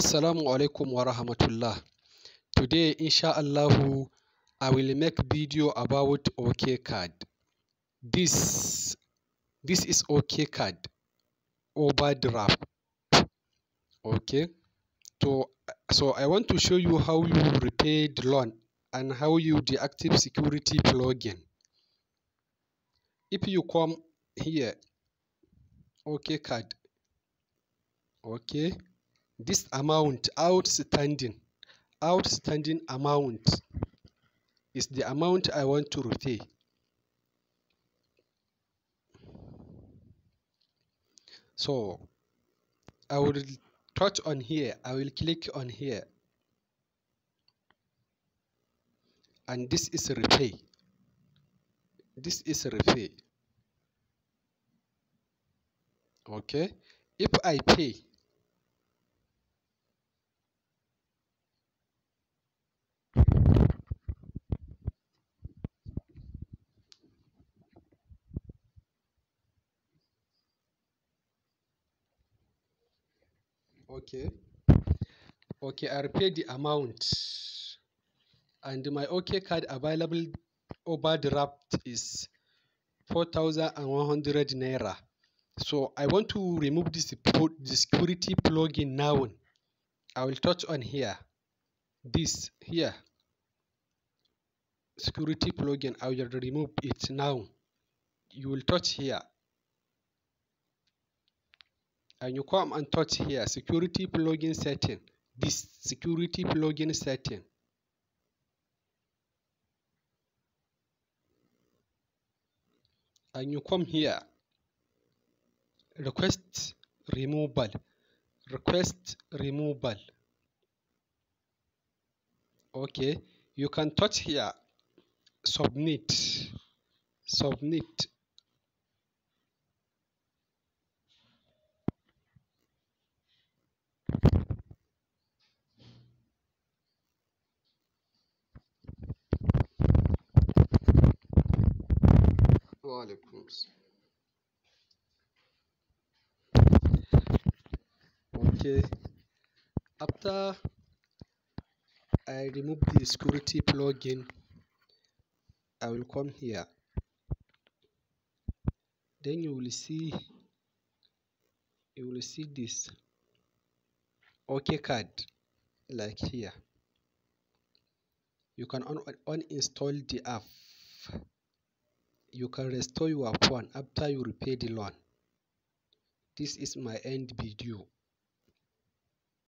Assalamu alaikum wa rahmatullah. Today, inshaAllah I will make video about OK card. This, this is OK card, overdraft. Okay. So, so I want to show you how you repay the loan and how you active security plugin. If you come here, OK card. Okay. this amount outstanding outstanding amount is the amount I want to repay so I will touch on here I will click on here and this is repay this is repay okay if I pay Okay. Okay, I pay the amount. And my OK card available overdraft is 4,100 Naira. So I want to remove this the security plugin now. I will touch on here. This here. Security plugin. I will remove it now. You will touch here. and you come and touch here security plugin setting this security plugin setting and you come here request removal request removal okay you can touch here submit submit Aleyküm Okay. After I remove the security plugin, I will come here. Then you will see you will see this OK card like here. You can un uninstall the app. You can restore your phone after you repay the loan. This is my end video.